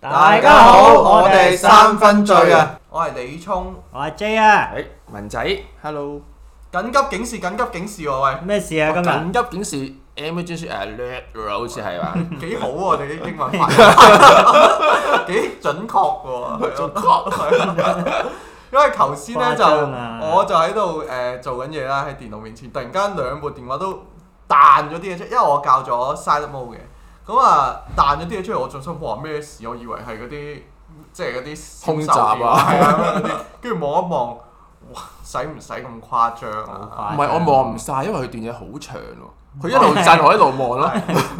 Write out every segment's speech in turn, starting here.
大家好，我哋三分醉啊！我係李聰，我係 J 啊，誒文仔，hello，緊急警示，緊急警示喎，喂，咩事啊今日？緊急警示，emergency alert 好似係嘛？幾好啊！我哋啲英文幾準確喎，準確係啊，因為頭先咧就我就喺度誒做緊嘢啦，喺電腦面前，突然間，兩部電話都彈咗啲嘢出，因為我教咗 side mode 嘅。咁啊彈咗啲嘢出嚟，我仲心諗咩事？我以為係嗰啲即係嗰啲空襲啊，跟住望一望，哇！使唔使咁誇張？唔係快、啊、我望唔晒，嗯、因為佢段嘢好長喎、啊。佢一路震，我一路望啦，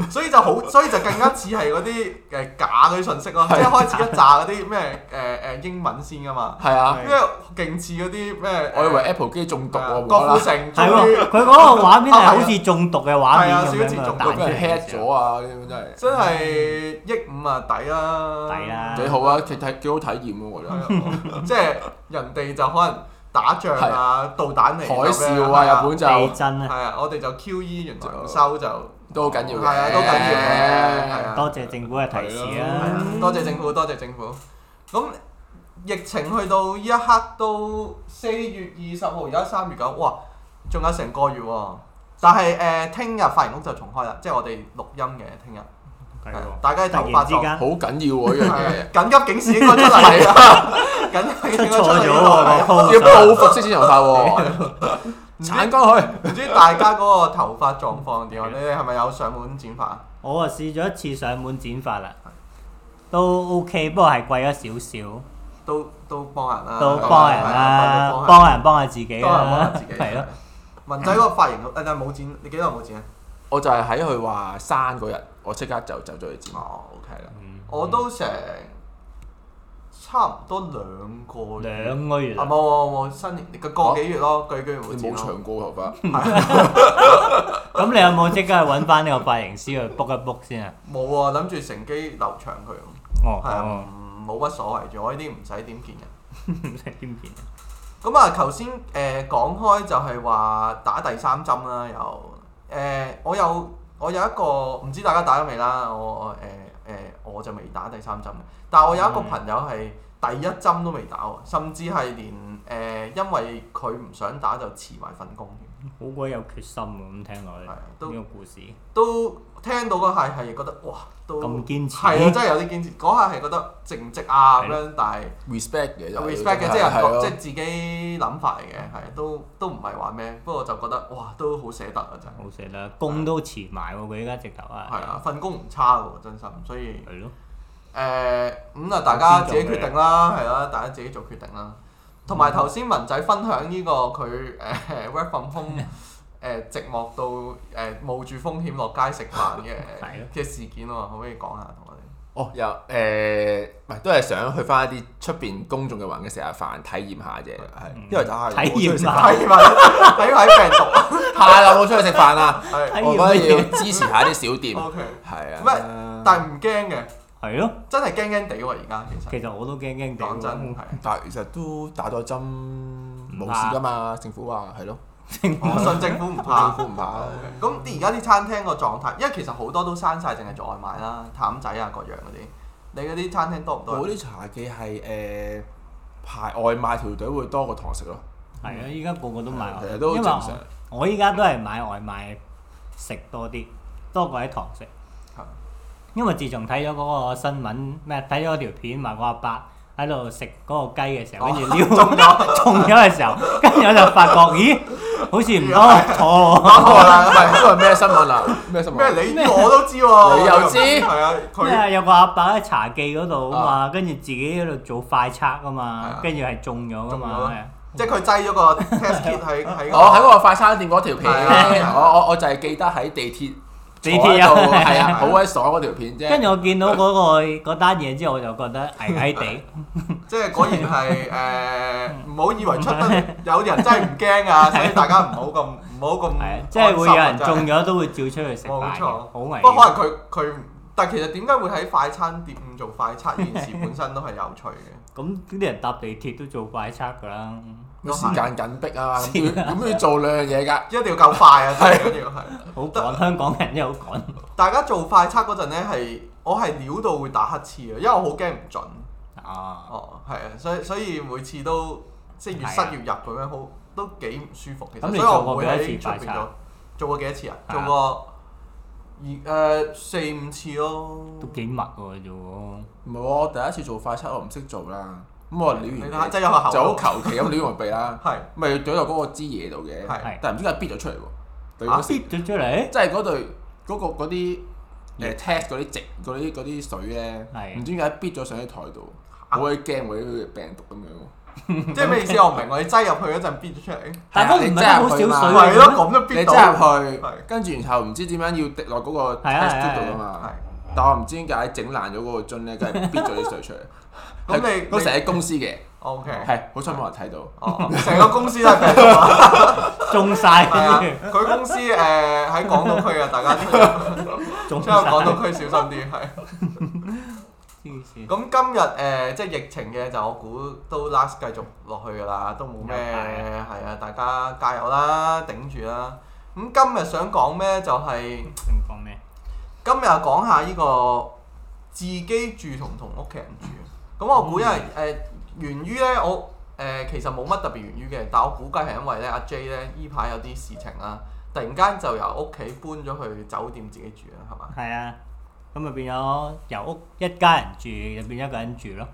所以就好，所以就更加似係嗰啲誒假嗰啲信息咯。即係開始一紮嗰啲咩誒誒英文先㗎嘛。係啊，因為勁似嗰啲咩。我以為 Apple 機中毒喎。郭富城，佢嗰個畫面好似中毒嘅畫面咁樣啊。少咗中毒跟住 hack 咗啊！真係真係億五啊，抵啦，抵啊，幾好啊，幾睇幾好體驗喎！即係人哋就可能。打仗啊，導彈嚟海嘯啊，日本就地震啊，係啊，我哋就 QE 完唔收就都好緊要，係啊，都緊要啊，係啊，多謝政府嘅提示啊，多謝政府，多謝政府。咁疫情去到呢一刻到四月二十號，而家三月九，哇，仲有成個月喎。但係誒，聽日發完工就重開啦，即係我哋錄音嘅聽日。大家嘅頭髮之間好緊要喎，呢樣嘢緊急警示應該出嚟啊！緊急應該出嚟喎，要報復式剪頭髮喎，鏟過去。唔知大家嗰個頭髮狀況點啊？你哋係咪有上門剪髮啊？我啊試咗一次上門剪髮啦，都 OK，不過係貴咗少少，都都幫人啦，都幫人啦，幫人幫下自己係咯。文仔嗰個髮型，你幾耐冇剪啊？我就係喺佢話生嗰日。我即刻就走咗去剪，哦 OK 啦。我都成差唔多兩個月，兩個月啊！冇冇冇，新年個幾月咯，佢居然會。你冇長過頭髮？咁你有冇即刻去揾翻呢個髮型師去 book 一 book 先啊？冇啊，諗住乘機留長佢哦，係啊，冇乜所謂，我呢啲唔使點見人。唔使點見人？咁啊，頭先誒講開就係話打第三針啦，又誒我有。我有一個唔知大家打咗未啦，我我誒誒，我就未打第三針。但我有一個朋友係。第一針都未打喎，甚至係連誒，因為佢唔想打就辭埋份工。好鬼有決心喎！咁聽落呢個故事，都聽到嗰下係覺得哇，都咁堅持，係啊，真係有啲堅持。嗰下係覺得值唔值啊咁樣，但係 respect 嘅，有 respect 嘅，即係即係自己諗法嚟嘅，係都都唔係話咩。不過就覺得哇，都好捨得啊！真係好捨得，工都辭埋喎。佢依家直頭係係啊，份工唔差喎，真心。所以係咯。誒咁啊，大家自己決定啦，係啦，大家自己做決定啦。同埋頭先文仔分享呢個佢誒、uh, work from home 誒、uh, 寂寞到誒、uh, 冒住風險落街食飯嘅嘅 啦事件喎，可唔可以講下同我哋？哦、oh，又、呃、誒，都係想去翻一啲出邊公眾嘅環境食下飯，體驗下啫。係因為就係、是、體驗啦，體驗，因為喺病毒，係 啊驗了，太耐冇出去食飯啊，我覺得驗 要支持下啲小店。係啊，咩？但係唔驚嘅。係咯，真係驚驚地喎！而家其實其實我都驚驚地，講真係。但係其實都打咗針，冇事㗎嘛？政府話係咯，我信政府唔怕。政府唔怕。咁而家啲餐廳個狀態，因為其實好多都閂晒，淨係做外賣啦、譚仔啊各樣嗰啲。你嗰啲餐廳多唔多？我啲茶記係誒排外賣條隊會多過堂食咯。係啊！依家個個都買，其實都正常。我依家都係買外賣食多啲，多過喺堂食。因為自從睇咗嗰個新聞咩，睇咗條片話個阿伯喺度食嗰個雞嘅時候，跟住中咗，中咗嘅時候，跟住我就發覺，咦，好似唔多錯，錯係嗰個咩新聞啊？咩新聞？咩你我都知喎？你又知？係啊，佢有個阿伯喺茶記嗰度啊嘛，跟住自己喺度做快測啊嘛，跟住係中咗啊嘛，即係佢擠咗個 test kit 喺喺嗰個快餐店嗰條片，我我我就係記得喺地鐵。係 啊，好鬼爽嗰條片啫。跟住我見到嗰、嗰個單嘢之後，我就覺得危危地。即係 果然係誒，唔、呃、好 以為出得有啲人真係唔驚啊！ 所以大家唔好咁唔好咁。即係、啊、 會有人中咗都會照出去食。冇錯，好危，不過可能佢佢，但係其實點解會喺快餐店做快測？件事本身都係有趣嘅。咁啲 人搭地鐵都做快測㗎啦。時間緊迫啊！咁要做兩樣嘢㗎，一定要夠快啊！真係，好趕，香港人又好趕。大家做快測嗰陣咧，係我係料到會打乞嗤啊，因為我好驚唔準。啊！哦，係啊，所以所以每次都即係越塞越入咁樣，好都幾唔舒服嘅。所以我幾多次做，快測？做過幾多次啊？做過二誒四五次咯。都幾密嘅做喎！唔係喎，我第一次做快測，我唔識做啦。咁我撩完就好求其咁撩埋鼻啦，係咪嘴落嗰個支嘢度嘅？係，但唔知點解 b i 咗出嚟喎？啊，bit 咗出嚟？即係嗰對嗰個嗰啲誒 test 嗰啲直嗰啲啲水咧，唔知點解 b 咗上喺台度，我好驚喎，病毒咁樣，即係咩意思？我唔明，我哋擠入去一陣 b 咗出嚟，但係你真係好少水，咯，咁都 b 你真入去，跟住然後唔知點樣要滴落嗰個 test 度啊？但係我唔知點解整爛咗嗰個樽咧，跟住憋咗啲水出嚟。咁你我成日喺公司嘅，OK，係好彩冇人睇到，成個公司都係病毒，中曬。係啊，佢公司誒喺廣東區嘅，大家，中曬。所以喺廣東區小心啲，係。咁今日誒，即係疫情嘅就我估都 last 繼續落去㗎啦，都冇咩係啊，大家加油啦，頂住啦。咁今日想講咩就係？唔講咩？今日講下呢個自己住同同屋企人住。咁我估因為誒源於咧，我誒其實冇乜特別源於嘅，但我估計係因為咧阿 J 咧呢排有啲事情啦，突然間就由屋企搬咗去酒店自己住啦，係嘛？係啊。咁咪變咗由屋一家人住，就變一個人住咯。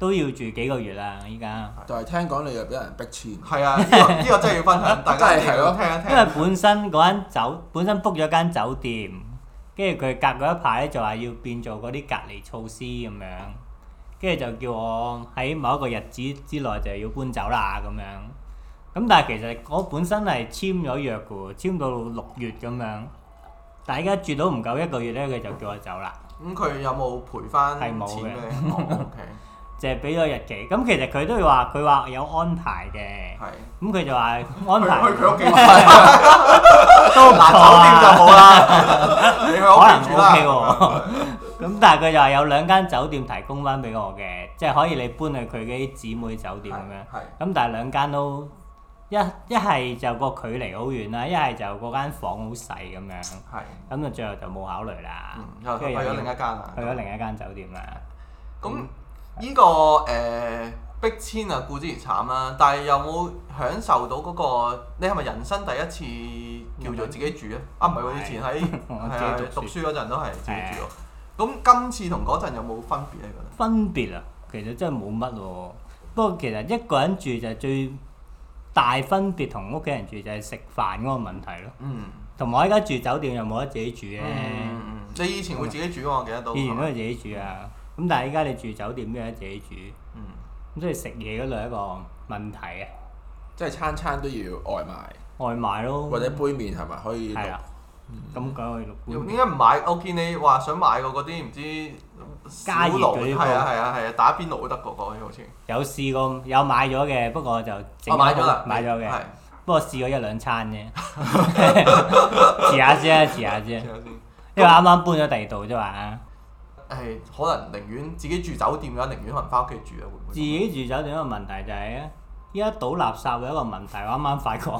都要住幾個月啊！依家就係聽講你又俾人逼遷。係啊，呢個呢個真係要分享，大家要聽一聽。因為本身嗰間酒，本身 book 咗間酒店。跟住佢隔嗰一排咧，就話要變做嗰啲隔離措施咁樣，跟住就叫我喺某一個日子之內就要搬走啦咁樣。咁但係其實我本身係簽咗約嘅喎，簽到六月咁樣，但係而家住到唔夠一個月咧，佢就叫我走啦。咁佢、嗯嗯、有冇賠翻係冇嘅。 就係俾咗日期，咁其實佢都會話佢話有安排嘅，咁佢就話安排都麻煩啲就好啦。可能好啲啦。咁但係佢就話有兩間酒店提供翻俾我嘅，即係可以你搬去佢嘅姊妹酒店咁樣。係。咁但係兩間都一一係就個距離好遠啦，一係就嗰間房好細咁樣。係。咁就最後就冇考慮啦。去咗另一間，去咗另一間酒店啦。咁。呢、這個誒逼遷啊，固之而慘啦、啊！但係有冇享受到嗰、那個？你係咪人生第一次叫做自己住咧？啊，唔係我以前喺係讀書嗰陣都係自己住喎。咁是、啊、今次同嗰陣有冇分別咧？分別啊，其實真係冇乜咯。不過其實一個人住就係最大分別，同屋企人住就係食飯嗰個問題咯、啊。嗯。同埋我依家住酒店又冇得自己住咧。你以前會自己住，我記得都。以前都係自己住啊。嗯。咁但係依家你住酒店，邊係自己煮？嗯。咁所以食嘢嗰度係一個問題啊！即係餐餐都要外賣。外賣咯。或者杯麪係咪可以？係啊。咁梗係錄。點解唔買？我見你話想買個嗰啲唔知加爐。係啊係啊係啊！打邊爐都得個，講好似。有試過有買咗嘅，不過就。我買咗啦。買咗嘅。不過試過一兩餐啫。試下先啊！試下先。因為啱啱搬咗第二度啫嘛。誒可能寧願自己住酒店嘅，寧願可能翻屋企住啊！會唔會？自己住酒店一個問題就係啊，依家倒垃圾嘅一個問題，我啱啱發覺，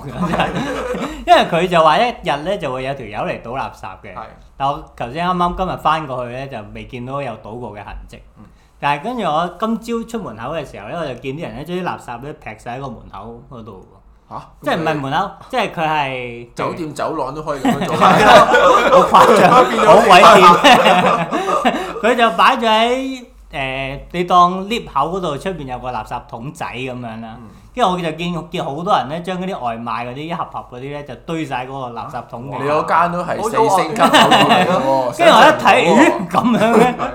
因為佢就話一日咧就會有條友嚟倒垃圾嘅。係。但係我頭先啱啱今日翻過去咧，就未見到有倒過嘅痕跡。嗯。但係跟住我今朝出門口嘅時候咧，我就見啲人咧將啲垃圾咧劈曬喺個門口嗰度喎。嚇！即係唔係門口？即係佢係酒店走廊都可以咁樣做。好誇張！好鬼掂。佢就擺住喺誒，你當 lift 口嗰度出邊有個垃圾桶仔咁樣啦。跟住我就見見好多人咧，將嗰啲外賣嗰啲一盒盒嗰啲咧，就堆曬嗰個垃圾桶。你嗰間都係四星級嚟嘅喎。跟住我一睇，咁樣嘅，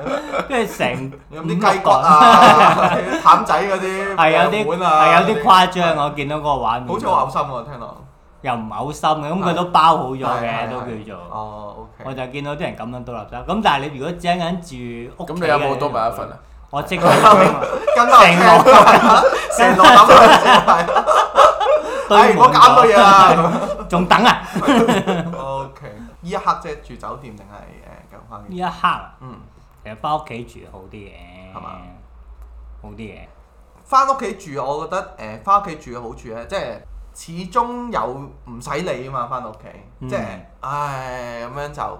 跟住成有啲雞骨啊、餡仔嗰啲，係有啲係有啲誇張。我見到嗰個畫面，好似好噁心喎，聽落。又唔係好深嘅，咁佢都包好咗嘅，都叫做。哦，OK。我就見到啲人咁樣倒垃圾，咁但係你如果將緊住屋企嘅，咁你有冇多埋一份呀？我即刻。咁啊，成堆，成堆抌咗出嚟。哎，唔好搞咁多嘢啊！仲等啊？OK，呢一刻即係住酒店定係誒咁樣？呢一刻。嗯。誒，其實翻屋企住好啲嘅係嘛？好啲嘢。翻屋企住，我覺得誒，翻屋企住嘅好處咧，即係。始終有唔使理啊嘛，翻到屋企，嗯、即係唉咁樣就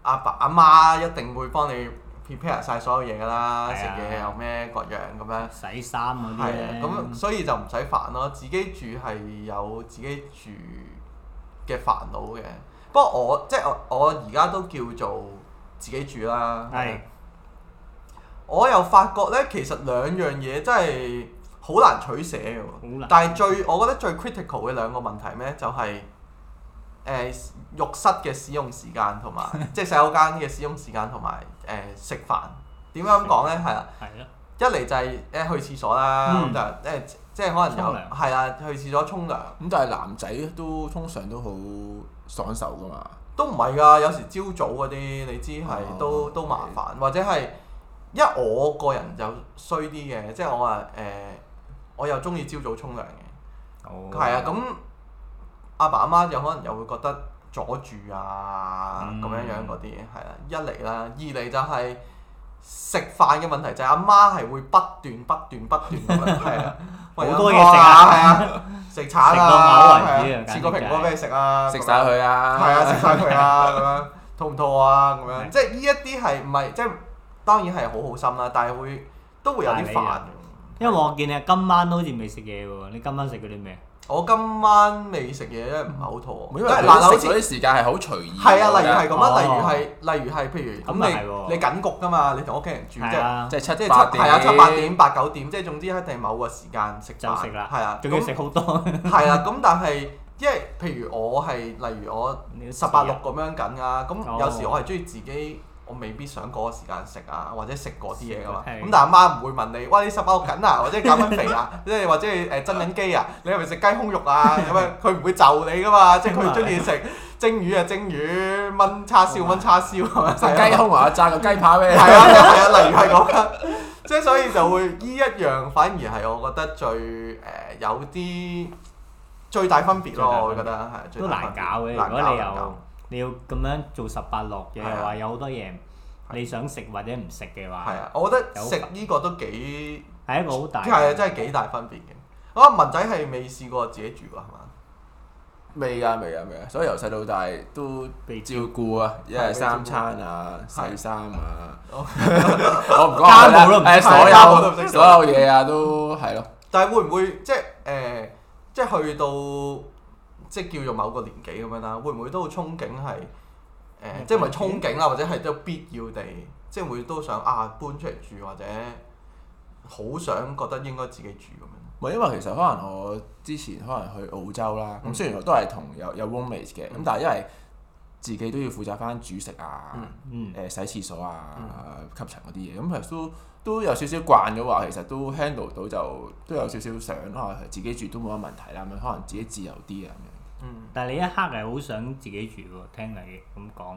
阿爸阿媽一定會幫你 prepare 曬所有嘢噶啦，食嘢又咩各樣咁、啊、樣。洗衫啊，啲。係啊，咁所以就唔使煩咯。自己住係有自己住嘅煩惱嘅。不過我即係我我而家都叫做自己住啦。係是、啊。我又發覺咧，其實兩樣嘢真係。好難取捨嘅喎，但係最我覺得最 critical 嘅兩個問題咩？就係浴室嘅使用時間同埋即係洗手間嘅使用時間同埋誒食飯。點樣咁講呢？係啦，一嚟就係一去廁所啦，咁就即係可能有係啊，去廁所沖涼。咁但係男仔都通常都好爽手噶嘛？都唔係㗎，有時朝早嗰啲你知係都都麻煩，或者係因為我個人就衰啲嘅，即係我話誒。我又中意朝早沖涼嘅，係啊，咁阿爸阿媽有可能又會覺得阻住啊咁樣樣嗰啲，係啊，一嚟啦，二嚟就係食飯嘅問題就係阿媽係會不斷不斷不斷，係啊，好多嘢食啊，係啊，食橙啊，切個蘋果俾你食啊，食晒佢啊，係啊，食晒佢啊，咁樣痛唔痛啊，咁樣，即係呢一啲係唔係即係當然係好好心啦，但係會都會有啲煩。因為我見你今晚都好似未食嘢喎，你今晚食嗰啲咩？我今晚未食嘢，因為唔係好肚餓。因為嗰啲時間係好隨意。係啊，例如係咁啊，例如係，例如係，譬如咁你你緊局㗎嘛？你同屋企人住，即係七即係七點，係啊，七八點八九點，即係總之一定係某個時間食飯。係啊，仲要食好多。係啊，咁但係，因為譬如我係例如我十八六咁樣緊啊，咁有時我係中意自己。我未必想嗰個時間食啊，或者食嗰啲嘢噶嘛。咁但係阿媽唔會問你，喂，你濕包緊啊，或者減緊肥啊，即係或者誒增緊肌啊，你係咪食雞胸肉啊？咁啊，佢唔會就你噶嘛。即係佢中意食蒸魚啊，蒸魚，燜叉燒，燜叉燒。係雞胸啊，炸個雞扒畀你。係啊，係啊，例如係咁，即係所以就會依一樣反而係我覺得最誒有啲最大分別咯。我覺得係最難搞嘅，如你要咁樣做十八落嘅話，啊、有好多嘢你想食或者唔食嘅話。係啊，我覺得食呢個都幾係一個好大。即係真係幾大分別嘅。我、哦、啊，文仔係未試過自己住喎，係嘛？未啊，未啊，未啊！所以由細到大都被照顧啊，一日三餐啊，的洗衫啊。我唔講啦，家務都唔識，所有所有嘢啊都係咯。 了但係會唔會即係誒？即係、呃、去到。即係叫做某個年紀咁樣啦，會唔會都好憧憬係誒、呃？即係唔係憧憬啦、啊，或者係都必要地，即係會都想啊搬出嚟住，或者好想覺得應該自己住咁樣。唔係因為其實可能我之前可能去澳洲啦，咁、嗯、雖然我都係同有有 roommate 嘅，咁、嗯、但係因為自己都要負責返煮食啊、誒、嗯、洗廁所啊、嗯、吸塵嗰啲嘢，咁其實都都，都有少少，少慣咗話，其實都 handle 到就都有少少，少想啊自己住都冇乜問題啦，咁可能自己自由啲啊。但係你一刻係好想自己住喎，聽你咁講。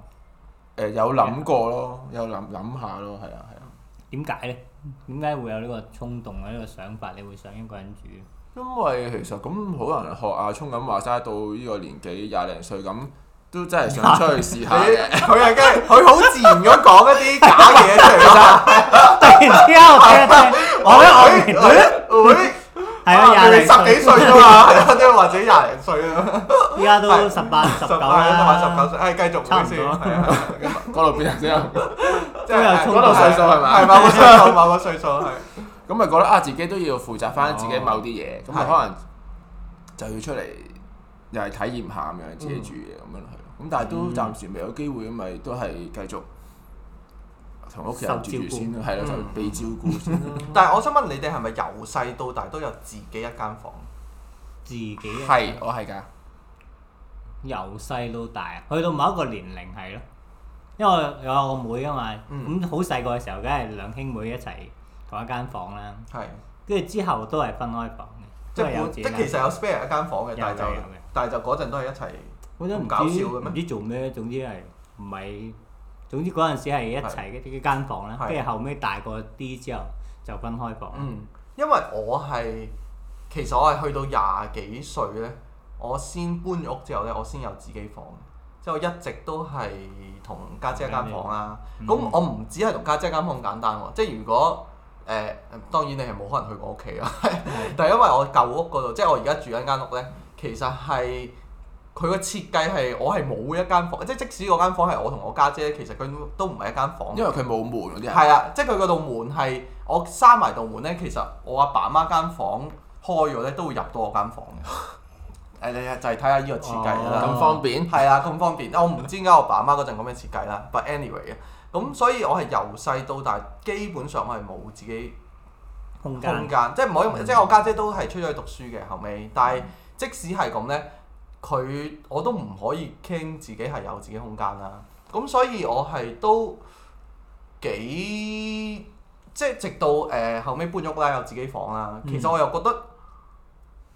誒有諗過咯，有諗諗下咯，係啊係啊。點解咧？點解會有呢個衝動啊？呢、呢個想法你會想一個人住？因為其實咁好難學阿聰咁話齋，到呢個年紀廿零歲咁，都真係想出去試下。佢係驚佢好自然咁講一啲假嘢出嚟啦。 突然之間，我聽一聽，喂喂喂喂！ 的 係啊，廿零歲啊嘛，即係或者廿零歲啊。依家都十八、十九都十九歲，誒繼續先。係啊，過路邊先。即係嗰度歲數係咪？係咪？某個歲數，某個歲數，係。咁咪覺得啊，自己都要負責翻自己某啲嘢，咁咪可能就要出嚟，又係體驗下咁樣自己住嘢。咁樣去。咁但係都暫時未有機會，咪都係繼續。同屋企人照照先咯，係咯，就俾照顧先。但係我想問你哋係咪由細到大都有自己一間房？自己？係，我係㗎。由細到大啊，去到某一個年齡係咯，因為有我妹啊嘛。咁好細個嘅時候，梗係兩兄妹一齊同一間房啦。係。跟住之後都係分開房嘅。即係有，即係其實有 spare 一間房嘅，但係就，但係就嗰陣都係一齊。好咁搞笑嘅咩？唔知做咩？總之係唔係？總之嗰陣時係一齊嘅啲間房啦，跟住是後尾大個啲之後就分開房。嗯，因為我係其實我係去到廿幾歲咧，我先搬咗屋之後咧，我先有自己房。即係我一直都係同家姐間房啦。咁、嗯嗯、我唔止係同家姐間房咁簡單喎，即係如果誒、呃、當然你係冇可能去我屋企啊。 但係因為我舊屋嗰度，即係我而家住緊間屋咧，其實係。.佢個設計係我係冇一間房，即係即使嗰間房係我同我家姐，姐，其實佢都唔係一間房。因為佢冇門嗰啲啊。係啊，即係佢嗰度門係我閂埋道門呢，其實我阿爸阿媽間房開咗呢，都會入到我間房嘅。誒誒，就係睇下呢個設計啦。咁、哦、方便。係啊，咁方便。我唔知點解我爸媽嗰陣咁嘅設計啦。But anyway 啊，咁所以我係由細到大基本上我係冇自己空間，即係唔可以。即係間我家姐，姐都係出咗去讀書嘅後尾，但係即使係咁呢。佢我都唔可以傾自己係有自己空間啦，咁所以我係都幾即係直到誒、呃、後尾搬咗屋啦有自己房啦，其實我又覺得誒、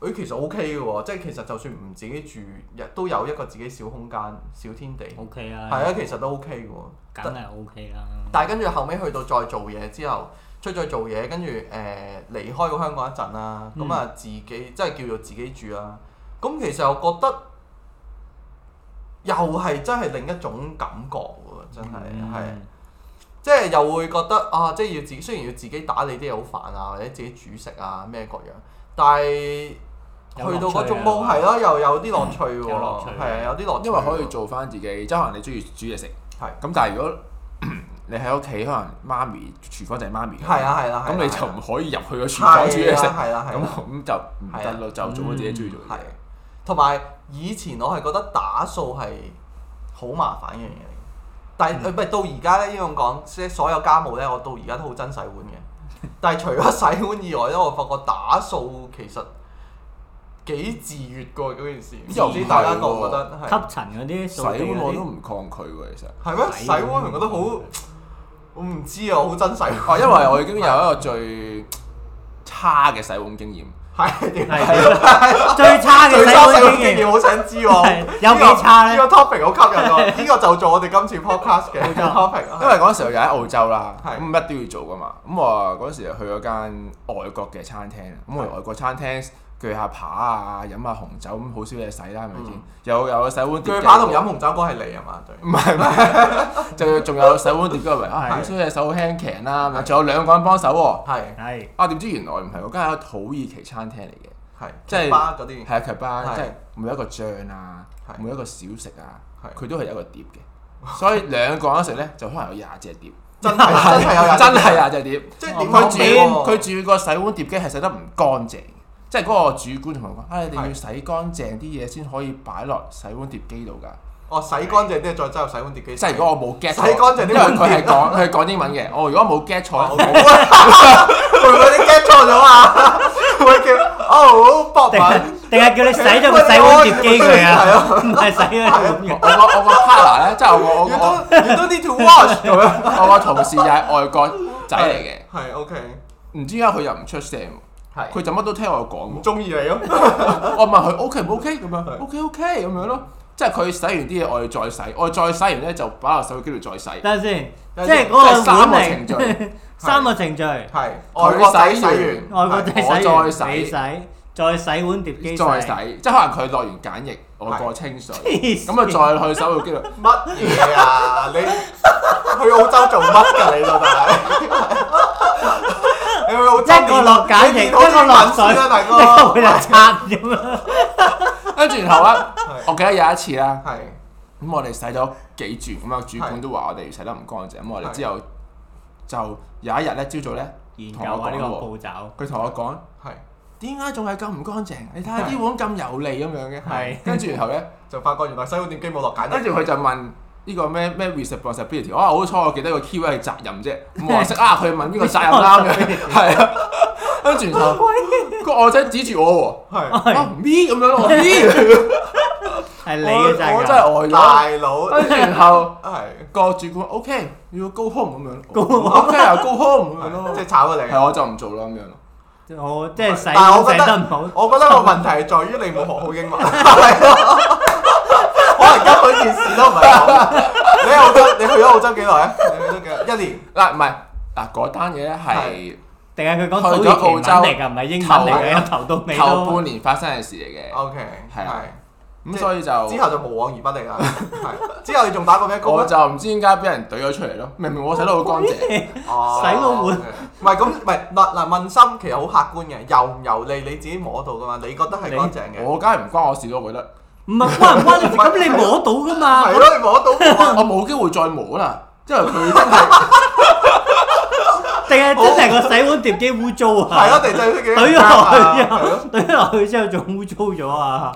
欸、其實 O K 嘅喎，即係其實就算唔自己住，亦都有一個自己小空間、小天地。O K 啊，係啊，其實都 O K 嘅喎。真係 O K 啦。但係跟住後尾去到再做嘢之後，出咗做嘢，跟住誒、呃、離開個香港一陣啦，咁啊、嗯、自己即係叫做自己住啦。咁其實我覺得又係真係另一種感覺喎，真係係，即係又會覺得啊，即係要自己雖然要自己打理啲嘢好煩啊，或者自己煮食啊咩各樣，但係去到嗰種夢係咯，又有啲樂趣喎，係啊，有啲樂趣，因為可以做翻自己，即係可能你中意煮嘢食，係咁，但係如果你喺屋企可能媽咪廚房就係媽咪，係啊係啦，咁你就唔可以入去個廚房煮嘢食，係啦，咁咁就唔得咯，就做翻自己中意做嘅嘢。同埋以前我係覺得打掃係好麻煩一樣嘢，但係、嗯、到而家呢，咧應該講即係所有家務呢，我到而家都好憎洗碗嘅。但係除咗洗碗以外，因為我發覺打掃其實幾自癒嘅嗰件事，唔知大家覺唔覺得係？吸塵嗰啲，洗碗我都唔抗拒喎，其實係咩？嗎洗碗我覺得好，我唔知啊，我好憎洗碗，啊因為我已經有一個最差嘅洗碗經驗。的係，亦係最差嘅洗碗經驗。好想知喎，有幾差咧？呢個 topic 好吸引喎，呢個就做我哋今次 podcast 嘅 topic。因為嗰陣時候又喺澳洲啦，咁乜都要做噶嘛。咁我嗰陣時去咗間外國嘅餐廳，咁外國餐廳鋸下扒啊，飲下紅酒咁，好少嘢洗啦，係咪先？又有洗碗碟。鋸扒同飲紅酒，哥係你係嘛？唔係。仲有洗碗碟機，啊，手隻手輕騎啦，仲有兩個人幫手喎。係係。啊，點知原來唔係喎，係個土耳其餐廳嚟嘅。係。即係。係啊，卡巴，即係每一個醬啊，每一個小食啊，佢都係有一個碟嘅。所以兩個人食咧，就可能有廿隻碟。真係真係真係啊！真係啊！真係廿隻碟。即係佢煮，佢煮個洗碗碟機係洗得唔乾淨。即係嗰個主管同佢講，唉，你要洗乾淨啲嘢先可以擺落洗碗碟機度㗎。我洗乾淨啲，再揸入洗碗碟機。即係如果我冇 get，洗乾淨啲碗碟。佢係講佢係講英文嘅。我如果冇 get 錯，我冇啊！佢唔係你 get 錯咗啊！會叫 Oh Bob，定係叫你洗咗個洗碗碟機佢啊？係啊，唔係洗嗰啲碗嘅。我我個 partner 咧，即係我我我都 need to watch 咁樣。我個同事又係外國仔嚟嘅。係 OK。唔知點解佢又唔出聲？係佢就乜都聽我講。中意你咯？我問佢 OK 唔 OK 咁樣？OK OK 咁樣咯。即係佢洗完啲嘢，我哋再洗，我哋再洗完咧，就擺落洗碗機度再洗。等陣先，即係我係三個程序，三個程序，係外國仔洗完，外國仔洗，我再洗，再洗碗碟機，再洗。即係可能佢落完梘液，我過清水，咁啊再去洗碗機度乜嘢啊？你去澳洲做乜㗎？你老細，你去澳洲一個落梘液，一個落水啦，大哥，一個嚟擦咁啊！然後啊， 我記得有一次啦，咁是、嗯、我哋洗咗幾住，咁啊主管都話我哋洗得唔乾淨，咁是我哋之後就有一日咧，朝早咧，佢同我講呢個步驟，佢同我講，係點解仲係咁唔乾淨？你睇下啲碗咁油膩咁樣嘅，跟住是然後咧 就發覺原來洗碗電機冇落解，跟住佢就問。呢個咩咩 responsibility？我好彩，我記得個 key 係責任啫。外甥啊，佢問呢個責任啱嘅，係啊。跟住，個外甥指住我喎，係啊，咪咁樣咯，咪係你嘅責任。我真係外老，大佬。跟住然後係個主管，OK，要 go home 咁樣，OK 又 go home 咁樣咯，即係炒咗你。係我就唔做啦咁樣。我即係但係我覺得，我覺得個問題係在於你冇學好英文。件事都唔係好。你澳洲，你去咗澳洲幾耐啊？澳洲幾一年？嗱，唔係嗱嗰單嘢係定係佢講去咗澳洲嚟㗎？唔係英文嚟㗎。頭到尾，頭半年發生嘅事嚟嘅。O K。係啊，咁所以就之後就無往而不利啦。係，之後你仲打過咩工啊？我就唔知點解俾人懟咗出嚟咯。明明我洗得好乾淨，洗個碗。唔係咁，唔係嗱嗱問心，其實好客觀嘅，油唔油膩你自己摸到㗎嘛。你覺得係乾淨嘅，我梗係唔關我事咯，我覺得。唔係，關唔關？咁你摸到噶嘛？係咯，你摸到。我冇機會再摸啦，即係佢真係定係整成個洗碗碟機污糟啊！係咯，定製啲嘅。對咗落去之後，對咗落去之後仲污糟咗啊！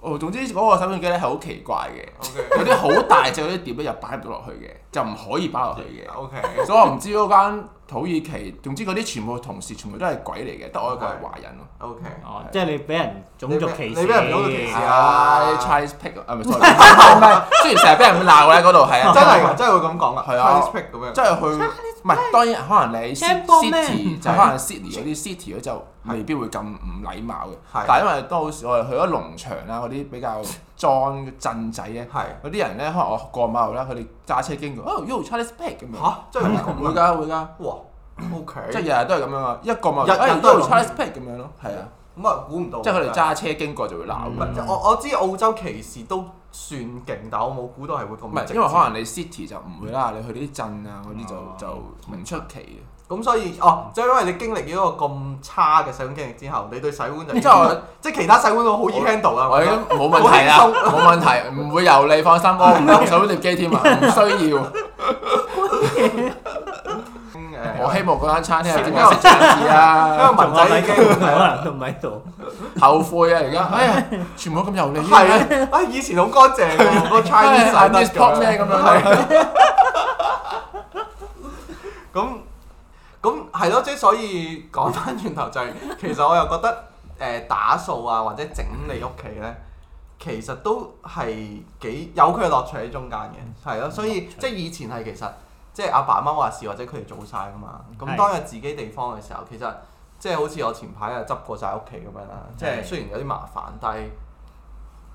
哦，總之嗰個洗碗機咧係好奇怪嘅，有啲好大隻嗰啲碟咧又擺唔到落去嘅，就唔可以擺落去嘅。O K，所以我唔知嗰間。土耳其總之嗰啲全部同事全部都係鬼嚟嘅，得我一個係華人咯。O K，哦，即係你俾人種族歧視，你俾人種族歧視啊，唔係，雖然成日俾人咁鬧咧嗰度係啊，真係真係會咁講噶。Chinese pick 咁樣，真係去唔係當然可能你 city，就可能 city 嗰啲 city 嗰就未必會咁唔禮貌嘅，但係因為都好我哋去咗農場啊，嗰啲比較莊鎮仔嘅，嗰啲人咧可能我過馬路啦，佢哋揸車經過，哦，Yo Chinese pick 咁樣，嚇，真係會㗎會㗎。O K，即係日日都係咁樣啊，一個咪日日都 try spit 咁樣咯，係啊，咁啊估唔到，即係佢哋揸車經過就會鬧。唔係，即係我我知澳洲歧視都算勁，但我冇估到係會咁。唔係，因為可能你 city 就唔會啦，你去啲鎮啊嗰啲就就唔出奇嘅。咁所以哦，即係因為你經歷咗一個咁差嘅洗碗經歷之後，你對洗碗就即係其他洗碗都好易 handle 啊，冇問題啊，冇問題，唔會由你放心，我唔得洗碗碟機添啊，唔需要。我希望嗰間餐廳點解食雜字啊？因為文仔已經唔喺度，後悔啊！而家哎呀，全部都咁油膩。係啊、 哎，以前好乾淨、啊， 個 Chinese 咁、 哎、樣。咁咁係咯，即係所以，所以講翻轉頭就係，其實我又覺得誒、呃、打掃啊或者整理屋企咧，其實都係幾有佢嘅樂趣喺中間嘅，係咯。 所以即係 以前係其實。即係阿爸阿媽話事，或者佢哋做晒㗎嘛。咁當係自己地方嘅時候，其實即係好似我前排又執過晒屋企咁樣啦。即係雖然有啲麻煩，但係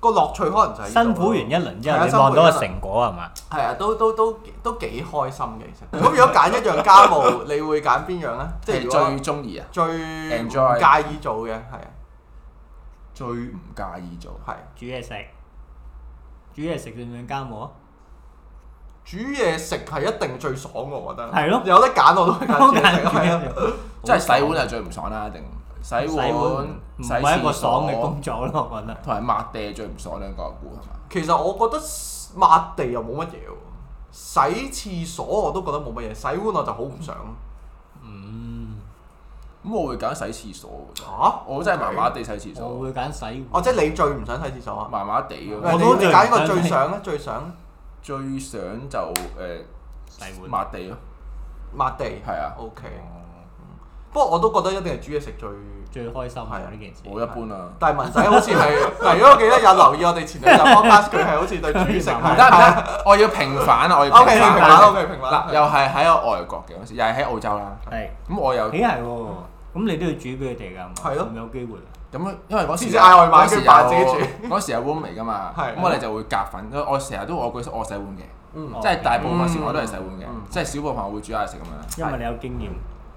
個樂趣可能就係辛苦完一輪之後，對你望到個成果係嘛？係啊，都都都都，都幾開心嘅其實。咁 如果揀一樣家務，你會揀邊樣呢？ 即係最鍾意啊！最唔介意做嘅係啊，最唔介意做係煮嘢食，煮嘢食算唔算家務啊？煮嘢食係一定最爽我覺得。係咯，有得揀我都係揀煮嘢食。係啊，真係洗碗係最唔爽啦，一定。洗碗唔係一個爽嘅工作咯，我覺得。同埋抹地係最唔爽兩個啊，估。其實我覺得抹地又冇乜嘢喎，洗廁所我都覺得冇乜嘢，洗碗我就好唔想。嗯。咁我會揀洗廁所喎。嚇！我真係麻麻地洗廁所。我會揀洗。哦，即係你最唔想洗廁所啊？麻麻地嘅。我都會揀。揀個最想咧，最想。最想就誒抹地咯，抹地係啊，OK。不過我都覺得一定係煮嘢食最最開心，係啊，呢件事。好一般啊。但係文仔好似係，如果我記得有留意我哋前兩集幫 a 佢，係好似對煮嘢食，得唔得？我要平反啊！我要平反，我又係喺外國嘅，又係喺澳洲啦。係。咁我又咦係喎？咁你都要煮俾佢哋㗎？係咯，有機會。咁因為嗰時嗌外賣嘅時候，嗰時係 room 嚟噶嘛，咁我哋就會夾份。我成日都我句我洗碗嘅，即係大部分時我都係洗碗嘅，即係小部分會煮下食咁樣。因為你有經驗，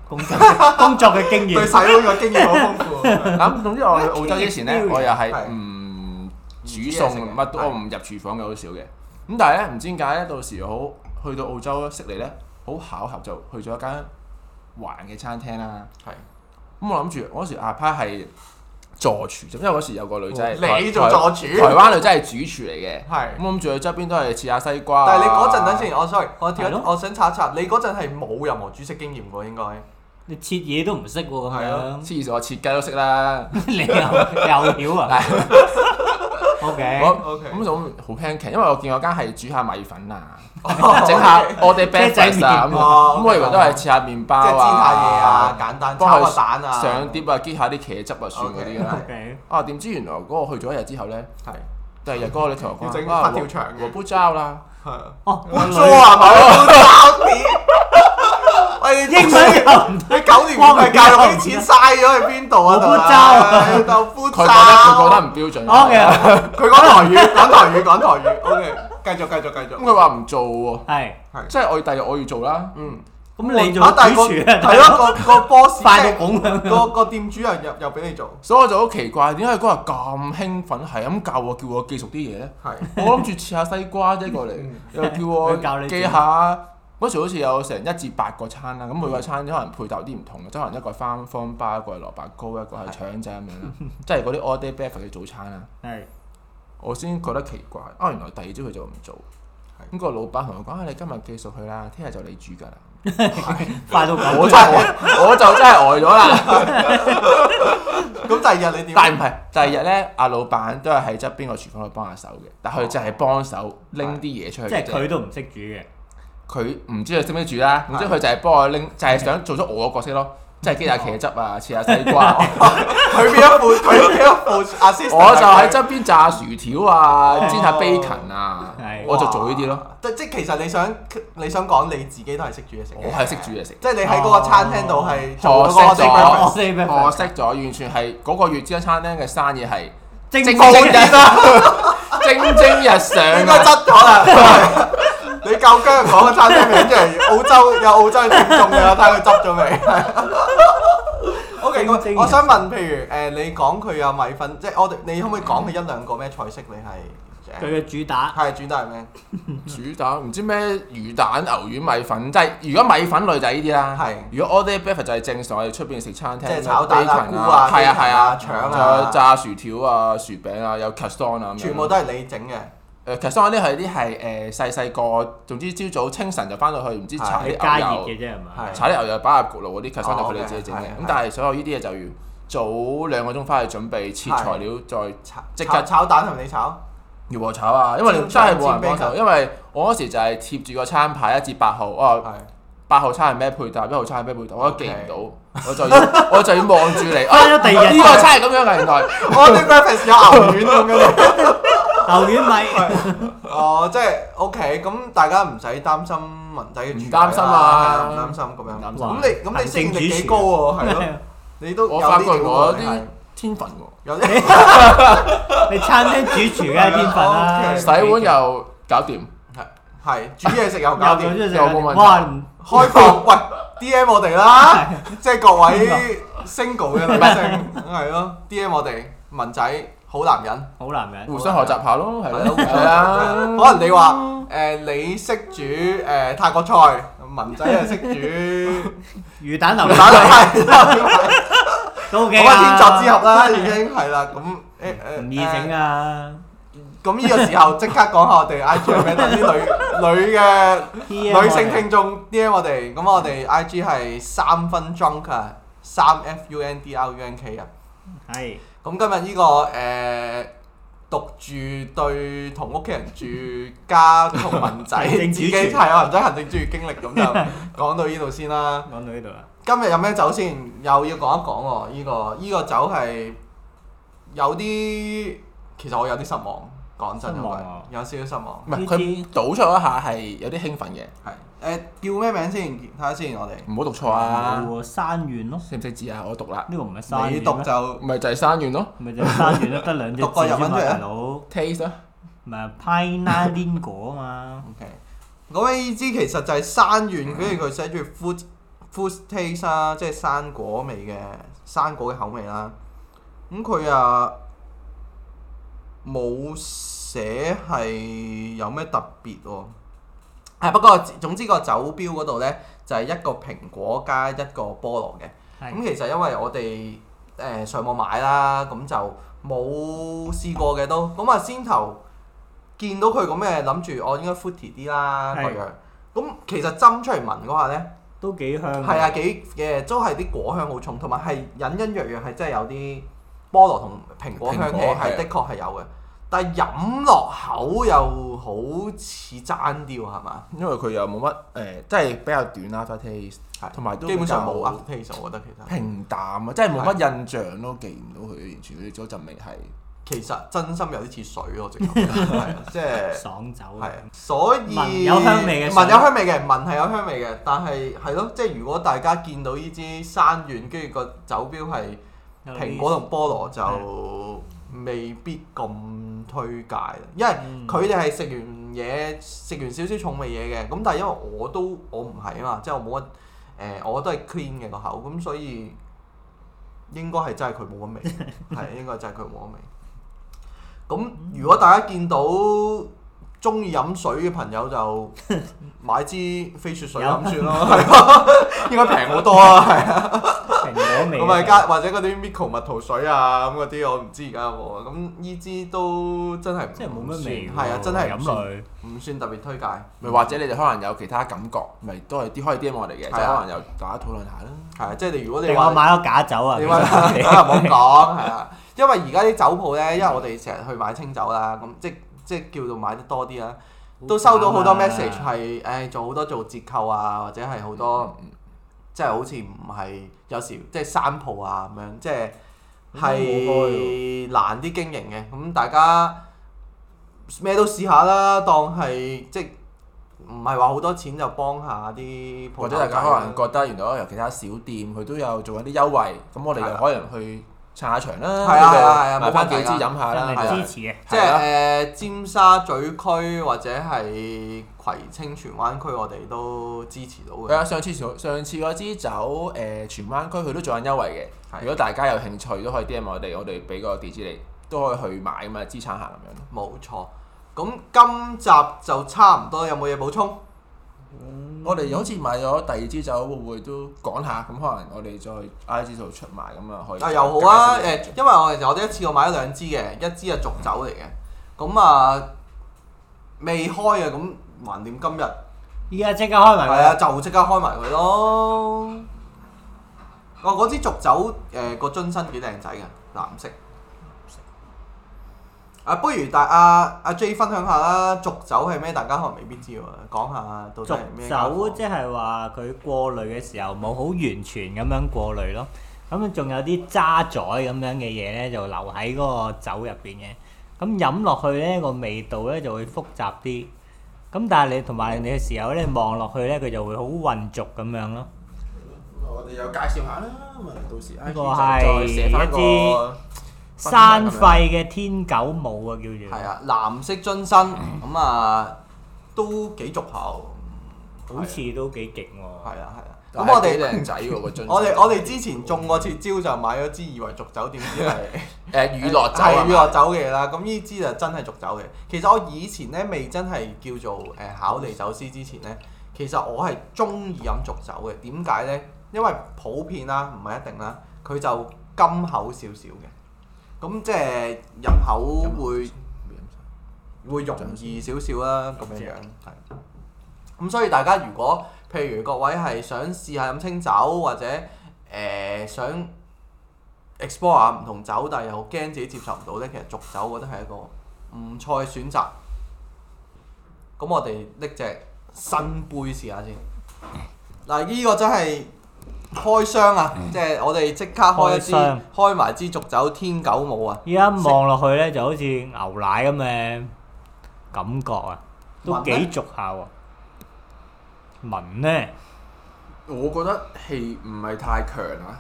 工作工作嘅經驗對洗碗嘅經驗好豐富。咁總之我去澳洲之前呢，我又係唔煮餸，乜都我唔入廚房嘅好少嘅。咁但係咧，唔知點解咧，到時好去到澳洲識嚟咧，好巧合就去咗一間環嘅餐廳啦。係咁，我諗住嗰時阿派係。助廚，因為嗰時有個女仔，你做助廚，台灣女仔係主廚嚟嘅，係咁諗住佢側邊都係切下西瓜。但係你嗰陣等先，我 sorry，我跳，的我想查一查你嗰陣係冇任何煮食經驗喎，應該你切嘢都唔識喎？係啊，黐線，我切雞都識啦， 你又又屌啊！ O K，咁咁就好輕奇，因為我見我間係煮下米粉啊，整下我哋啤仔啊，咁咁我以為都係切下麵包啊，煎下嘢啊，簡單炒個蛋啊，上碟啊，唧下啲茄汁啊，算嗰啲啦。啊，點知原來嗰個去咗一日之後咧，係第二日哥，你同我話整佛跳牆嘅，我唔招啦。係，我唔招啊，唔招。英文你九年級教啲錢嘥咗去邊度啊？豆腐渣，豆腐渣。佢覺得佢覺得唔標準。O K，佢講台語，講台語，講台語。O K，繼續，繼續，繼續。咁佢話唔做喎。係係。即係我要第二日，我要做啦。嗯。咁你做？第二個係咯，個個 boss 即係講個個店主人又又俾你做。所以我就好奇怪，點解嗰日咁興奮，係咁教我，叫我記熟啲嘢咧？係。我諗住切下西瓜啫，過嚟又叫我記下。嗰時好似有成一至八個餐啦，咁每個餐可能配搭啲唔同嘅，即可能一個係番茄巴，一個係蘿蔔糕，一個係腸仔咁樣，即係嗰啲 all day breakfast 早餐啦。係，我先覺得奇怪，啊原來第二朝佢就唔做，咁個老闆同我講：啊你今日繼續去啦，聽日就你煮㗎啦。快到我真係，我就真係呆咗啦。咁第二日你點？但係唔係？第二日咧，阿老闆都係喺側邊個廚房度幫下手嘅，但佢就係幫手拎啲嘢出去。即係佢都唔識煮嘅。佢唔知佢識唔識煮啦，唔知佢就係幫我拎，就係、是、想做咗我個角色咯，即係煎下茄汁啊，切下西瓜。佢邊 一部？佢邊一部？我就喺側邊炸薯條啊，哦、煎下 bacon 啊，的我就做呢啲咯。即即、就是、其實你想你想講你自己都係識煮嘢食，我係識煮嘢食。即係你喺嗰個餐廳度係學識咗，學識咗 完全係嗰個月之間餐廳嘅生意係正正，正正日升，啊，蒸蒸日上。應該質咗啦。 你夠姜講個餐廳名即係，澳洲有澳洲正宗嘅，睇佢執咗未？O K，我想問，譬如誒，你講佢有米粉，即係我哋，你可唔可以講佢一兩個咩菜式？你係佢嘅主打係主打係咩？主打唔知咩魚蛋、牛丸、米粉，即係如果米粉類就係呢啲啦。係。如果 all day 就係正常，我哋出邊食餐廳即係炒蛋啊、菇啊、係啊、係啊、腸啊、炸薯條啊、薯餅啊、有 custard 啊，全部都係你整嘅。誒，其實我啲係啲係誒細細個，總之朝早清晨就翻到去，唔知炒啲牛油，炒啲牛油擺入焗爐嗰啲，其實翻入去佢哋自己整嘅。但係所有呢啲嘢就要早兩個鐘翻去準備切材料，再炒。直接炒蛋同你炒，要炒啊！因為你真係冇人幫手，因為我嗰時就係貼住個餐牌一至八號，哇！八號餐係咩配搭，一號餐係咩配搭，我都記唔到，我就要我就要望住你。啊，呢個餐係咁樣嘅，原來我呢個平時有牛丸咁樣。流血咪？哦，即係 OK，咁大家唔使擔心文仔嘅廚師。唔擔心啊，唔擔心咁樣。咁你咁你升得幾高喎？係咯，你都我發覺我有啲天分喎。你餐廳主廚嘅天分啦。洗碗又搞掂，係係煮嘢食又搞掂，又冇問題。開放喂，DM 我哋啦，即係各位 single 嘅男性，係咯，DM 我哋文仔。好男人，好男人，互相學習下咯，係咯，係啊。可能你話誒，你識煮誒泰國菜，文仔又識煮魚蛋牛奶，天集之合啦，已經係啦。咁唔易整啊！咁依個時候即刻講下我哋 I G 係咩？等啲女女嘅女性聽眾，DM 我哋，咁我哋 I G 係三分鐘嘅三 F U N D R U N K 啊！係。咁今日呢、這個誒、呃、獨住對同屋企人住，加同文仔自己係有，文仔人生最差洗碗己 經歷，咁就講到呢度先啦。講到呢度啊！今日有咩酒先？又要講一講喎、啊，依、這個依、這個酒係有啲其實我有啲失望。講真，有少少失望。唔係佢倒出一下係有啲興奮嘅。係誒叫咩名先？睇下先，我哋唔好讀錯啊！山縣咯，識唔識字啊？我讀啦。呢個唔係你讀就咪就係山縣咯。咪就係山縣咯，得兩隻字啫嘛。老 taste 啊，唔係 pineapple 啊嘛。O.K. 嗰知其實就係山縣，跟住佢寫住 food，food taste 啦，即係生果味嘅生果嘅口味啦。咁佢啊冇。者係有咩特別喎，啊？不過總之，這個酒標嗰度呢，就係、是，一個蘋果加一個菠蘿嘅。咁的其實因為我哋誒、呃、上網買啦，咁就冇試過嘅都。咁啊先頭見到佢咁嘅諗住，我、哦、應該 fruity 啲啦個的樣。咁其實斟出嚟聞嗰下呢，都幾香。係啊，幾嘅都係啲果香好重，同埋係隱隱約約係真係有啲菠蘿同蘋果香氣，係的，的確係有嘅。但係飲落口又好似爭啲喎，係嘛？因為佢又冇乜誒，即係比較短啦，first taste 係。同埋都基本上冇 after taste 我覺得其實。平淡啊，的即係冇乜印象咯，記唔到佢完全嗰陣味係。其實真心有啲似水咯，直頭，即係。 就是、爽酒走。係。所以。有香味嘅。聞有香味嘅，聞係有香味嘅，但係係咯，即係如果大家見到呢支山縣，跟住個酒標係蘋果同菠蘿就。未必咁推介，因為佢哋係食完嘢，食完少少重味嘢嘅，咁但係因為我都我唔係啊嘛，即係我冇乜誒，我都係 clean 嘅個口，咁所以應該係真係佢冇乜味。係 應該係真係佢冇乜味，咁如果大家見到，中意飲水嘅朋友就買支飛雪水飲算咯，應該平好多啊，係啊，咁咪加或者嗰啲 Miko 蜜桃水啊咁嗰啲，我唔知而家有冇啊。咁呢支都真係，即係冇乜味，係啊，真係飲水，唔算特別推介。咪或者你哋可能有其他感覺，咪都係啲開啲啲望嚟嘅，即可能又大家討論下啦。係啊，即係你如果你話買咗假酒啊，你話唔好講係啊？因為而家啲酒鋪咧，因為我哋成日去買清酒啦，咁即即係叫做買得多啲啦、啊，都收到好多 message 係誒、呃，做好多做折扣啊，或者係、嗯、好多即係好似唔係有時即係山鋪啊咁樣，即係係、啊嗯、難啲經營嘅。咁、嗯、大家咩都試下啦，當係即唔係話好多錢就幫下啲鋪。或者大家可能覺得原來有其他小店佢都有做緊啲優惠，咁我哋又可能去。撐下場啦，係啊，係啊，係啊，買翻幾支飲下啦，支持嘅。即係誒尖沙咀區或者係葵青荃灣區，我哋都支持到嘅。係啊，上次上次嗰支酒誒、呃、荃灣區佢都做緊優惠嘅，啊、如果大家有興趣都可以 DM 我哋，我哋俾個地址你，都可以去買咁啊，支撐下咁樣。冇錯，咁今集就差唔多，有冇嘢補充？嗯、我哋好似買咗第二支酒，會唔會都講下？咁可能我哋再 IG 度出賣咁啊，可以。啊又好啊，誒，因為我哋實我一次過我買咗兩支嘅，一支、嗯、啊濁酒嚟嘅，咁啊未開,開,開啊，咁還掂今日。依家即刻開埋佢。係啊，就即刻開埋佢咯。哦，嗰支濁酒誒個樽身幾靚仔嘅，藍色。啊，不如大阿阿 J 分享下啦，濁酒係咩？大家可能未必知喎，講下到底係咩？濁酒即係話佢過濾嘅時候冇好完全咁樣過濾咯，咁仲有啲渣滓咁樣嘅嘢咧，就留喺嗰個酒入邊嘅。咁飲落去咧，個味道咧就會複雜啲。咁但係你同埋你嘅時候咧，望落去咧，佢就會好混濁咁樣咯。咁啊，我哋又介紹下啦，咁啊，到時 I，J 再寫翻個。山廢嘅天狗舞啊，叫做係啊，藍色樽身咁，嗯、啊，都幾足口，好似都幾勁喎。係啊，係啊，咁，啊，是我哋靚仔樽，我哋我哋之前中過次招，就買咗支以為濁、 呃、酒點知係娛樂酒仔娛樂酒嘅啦。咁呢支就真係濁酒嘅。其實我以前咧未真係叫做誒考唎酒師之前咧，其實我係中意飲濁酒嘅。點解咧？因為普遍啦，唔係一定啦，佢就甘口少少嘅。咁即係入口會口會容易少少啦，咁樣酒樣。係酒。咁所以大家如果譬如各位係想試下飲清酒或者誒、呃、想 explore 唔同酒，但係又驚自己接受唔到呢，其實濁酒我覺得係一個唔錯嘅選擇。咁我哋拎隻新杯試下先。嗱、嗯，呢個真係～開箱啊！即係我哋即刻開一支，開埋支濁酒天狗舞啊！依家望落去呢，就好似牛奶咁嘅感覺啊，都幾濁下喎。聞呢，我覺得氣唔係太強啊，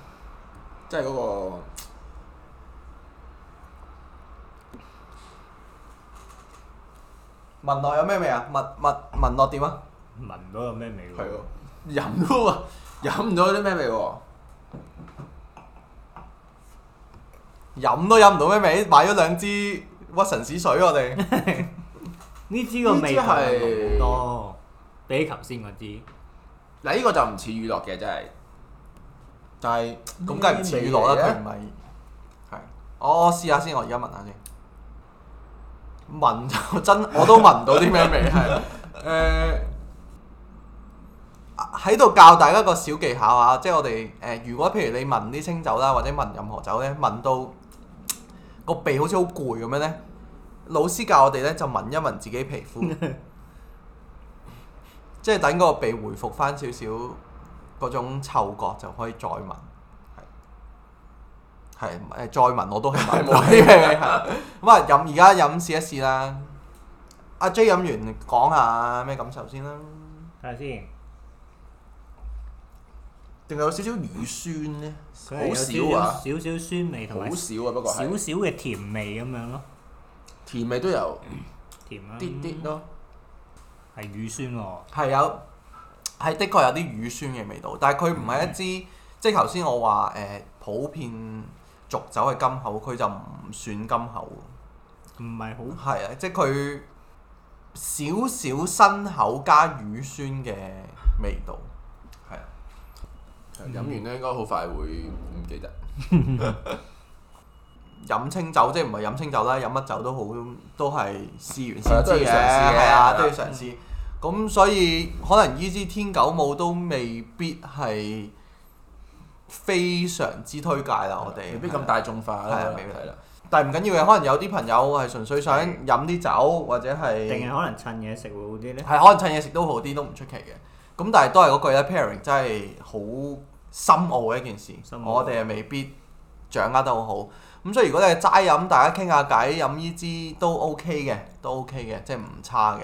即係嗰個聞落有咩味啊？聞聞聞落點啊？聞到有咩味？係哦，飲到啊！飲唔到啲咩味喎？飲都飲唔到咩味？買咗兩支屈臣氏水，啊，我哋呢支個味係多比頭先嗰支。嗱，呢個就唔似娛樂嘅真係，但係咁梗係唔似娛樂啦，佢唔係，我試下先，我而家聞下先。聞就 真我都聞唔到啲咩味？係誒。 呃喺度教大家個小技巧啊！即係我哋誒、呃，如果譬如你聞啲清酒啦，或者聞任何酒咧，聞到個鼻好似好攰咁樣咧，老師教我哋咧就聞一聞自己皮膚， 即係等個鼻回復翻少少嗰種嗅覺，就可以再聞。係，係再聞我都係聞冇嘅。咁啊、 okay, 是，飲而家飲試一試啦。阿 J 飲完講下咩感受先啦，睇下先。定係有少少乳酸呢？好少，少，少啊！少啊少酸味同埋少不少少嘅甜味咁樣咯、啊，甜味都有，嗯、甜啊，啲啲咯，係乳酸喎、啊，係有，係的確有啲乳酸嘅味道，但係佢唔係一支，嗯、即係頭先我話誒、呃、普遍濁酒係甘口，佢就唔算甘口，唔係好，係啊，即係佢少少辛口加乳酸嘅味道。飲完咧，應該好快會唔記得。飲清酒，即係唔係飲清酒啦，飲乜酒都好，都係試完先知嘅，係啊，都要嘗試。咁所以可能呢支天狗舞都未必係非常之推介啦，我哋未必咁大眾化，係啦。但係唔緊要嘅，可能有啲朋友係純粹想飲啲酒，或者係定係可能趁嘢食會好啲呢？係可能趁嘢食都好啲，都唔出奇嘅。咁但係都係嗰句咧，pairing 真係好深奧嘅一件事，傲我哋係未必掌握得好好。咁所以如果你係齋飲，大家傾下偈飲呢支都 OK 嘅，都 OK 嘅、OK，即係唔差嘅。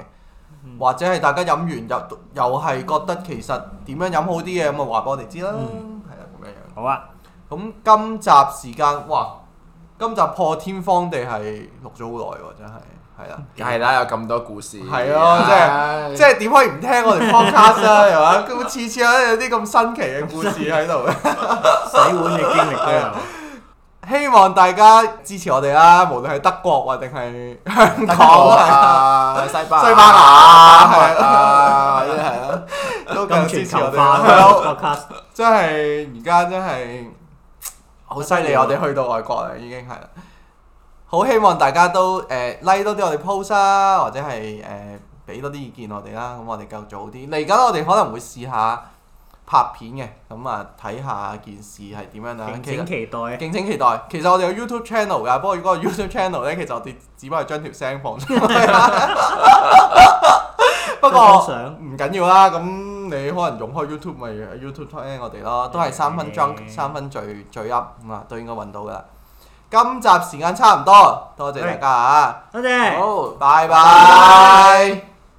嗯、或者係大家飲完又又係覺得其實點樣飲好啲嘅，咁啊話俾我哋知啦。嗯，係啊，咁樣樣好啊。咁今集時間哇，今集破天荒地係錄咗好耐喎，真係。係啦，梗係啦，有咁多故事。係咯，即係即係，點可以唔聽我哋 podcast 咧？係嘛，咁次次咧有啲咁新奇嘅故事喺度，洗碗嘅經歷都有。希望大家支持我哋啦，無論係德國或定係香港啊、西班西班牙啊，係啊，都咁支持我哋。係咯，真係而家真係好犀利，我哋去到外國啦，已經係啦。好希望大家都誒、呃、like 多啲我哋 post 啦、啊，或者係誒俾多啲意見我哋啦。咁我哋夠早啲嚟緊，我哋可能會試下拍片嘅。咁啊，睇下件事係點樣啦、啊。敬請期待，敬請實期待。其實我哋有 YouTube channel 㗎， 不過嗰個 YouTube channel 咧，其實我哋只不過係將條聲放出去。不過唔緊要啦，咁 你可能用開、就是、 YouTube 咪 YouTube 睇我哋咯。都係 三分鐘三分最最 up 咁啊，都應該揾到㗎啦。今集時間差唔多，多謝大家嚇，多謝，好，拜拜。拜拜。